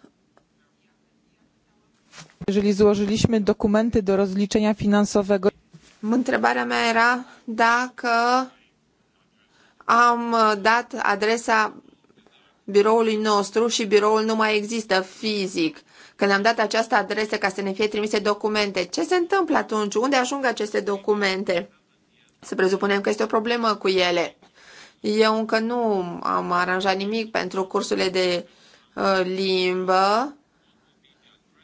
Speaker 2: Jeżeli złożyliśmy dokumenty do rozliczenia finansowego. Întrebarea mea era dacă am dat adresa biroului nostru și biroul nu mai există fizic. Când am dat această adresă ca să ne fie trimise documente, ce se întâmplă atunci? Unde ajung aceste documente? Să presupunem că este o problemă cu ele. Eu încă nu am aranjat nimic pentru cursurile de uh, limbă,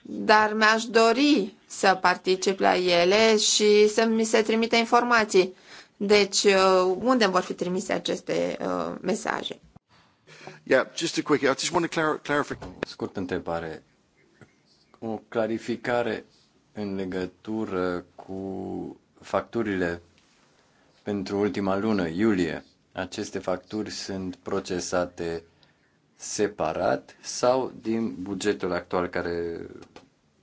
Speaker 2: dar mi-aș dori să particip la ele și să mi se trimite informații. Deci, uh, unde vor fi trimise aceste uh, mesaje?
Speaker 1: Yeah, just a quick, I just want to clar- clarify. Scurt întrebare. O clarificare în legătură cu facturile pentru ultima lună, iulie. Aceste facturi sunt procesate separat sau din bugetul actual care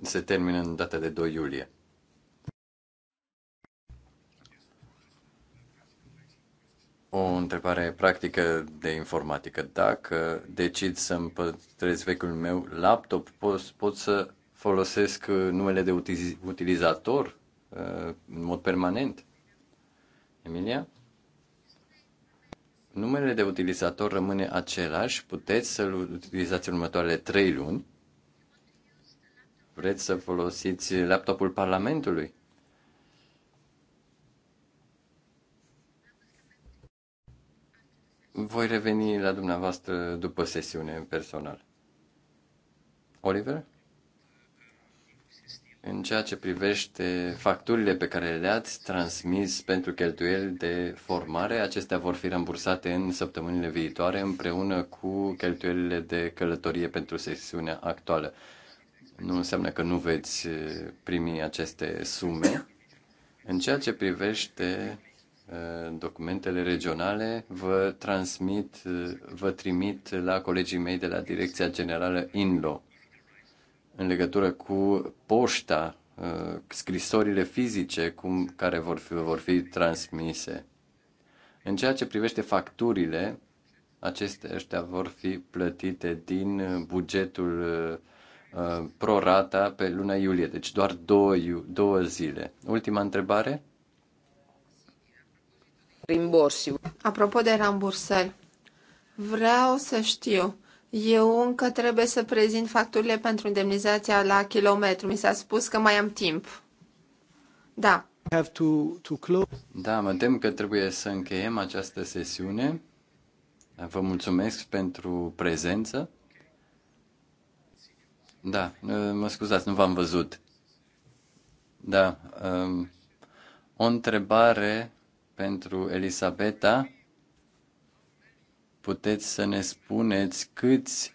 Speaker 1: se termină în data de 2 iulie? O întrebare practică de informatică. Dacă decid să păstrez vechiul meu laptop, pot, pot să folosesc uh, numele de utilizator uh, în mod permanent? Emilia? Numele de utilizator rămâne același, puteți să-l utilizați în următoarele trei luni. Vreți să folosiți laptopul Parlamentului? Voi reveni la dumneavoastră după sesiune personal. Oliver? În ceea ce privește facturile pe care le-ați transmis pentru cheltuieli de formare, acestea vor fi rambursate în săptămânile viitoare împreună cu cheltuielile de călătorie pentru sesiunea actuală. Nu înseamnă că nu veți primi aceste sume. În ceea ce privește documentele regionale, vă transmit, vă trimit la colegii mei de la Direcția Generală INLO în legătură cu poșta, uh, scrisorile fizice cum, care vor fi, vor fi transmise. În ceea ce privește facturile, acestea vor fi plătite din uh, bugetul uh, uh, prorata pe luna iulie, deci doar două, două zile. Ultima întrebare?
Speaker 3: Rimborsi.
Speaker 2: Apropo de rambursări, vreau să știu. Eu încă trebuie să prezint facturile pentru indemnizația la kilometru. Mi s-a spus că mai am timp.
Speaker 1: Da. Have to, to close. Da, mă tem că trebuie să încheiem această sesiune. Vă mulțumesc pentru prezență. Da, mă scuzați, nu v-am văzut. Da, um, o întrebare pentru Elisabeta, puteți să ne spuneți câți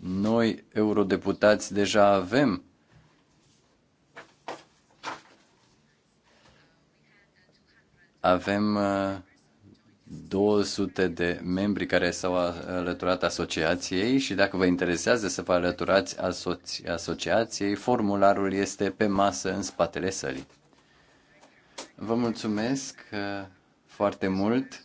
Speaker 1: noi eurodeputați deja avem? Avem 200 uh, de membri care s-au alăturat asociației și dacă vă interesează să vă alăturați asoci- asociației, formularul este pe masă în spatele sălii. Vă mulțumesc uh, foarte mult.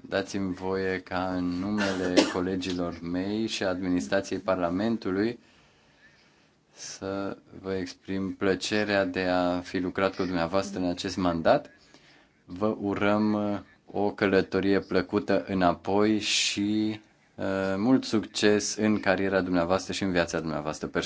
Speaker 1: Dați-mi voie ca în numele colegilor mei și administrației Parlamentului să vă exprim plăcerea de a fi lucrat cu dumneavoastră în acest mandat. Vă urăm uh, o călătorie plăcută înapoi și uh, mult succes în cariera dumneavoastră și în viața dumneavoastră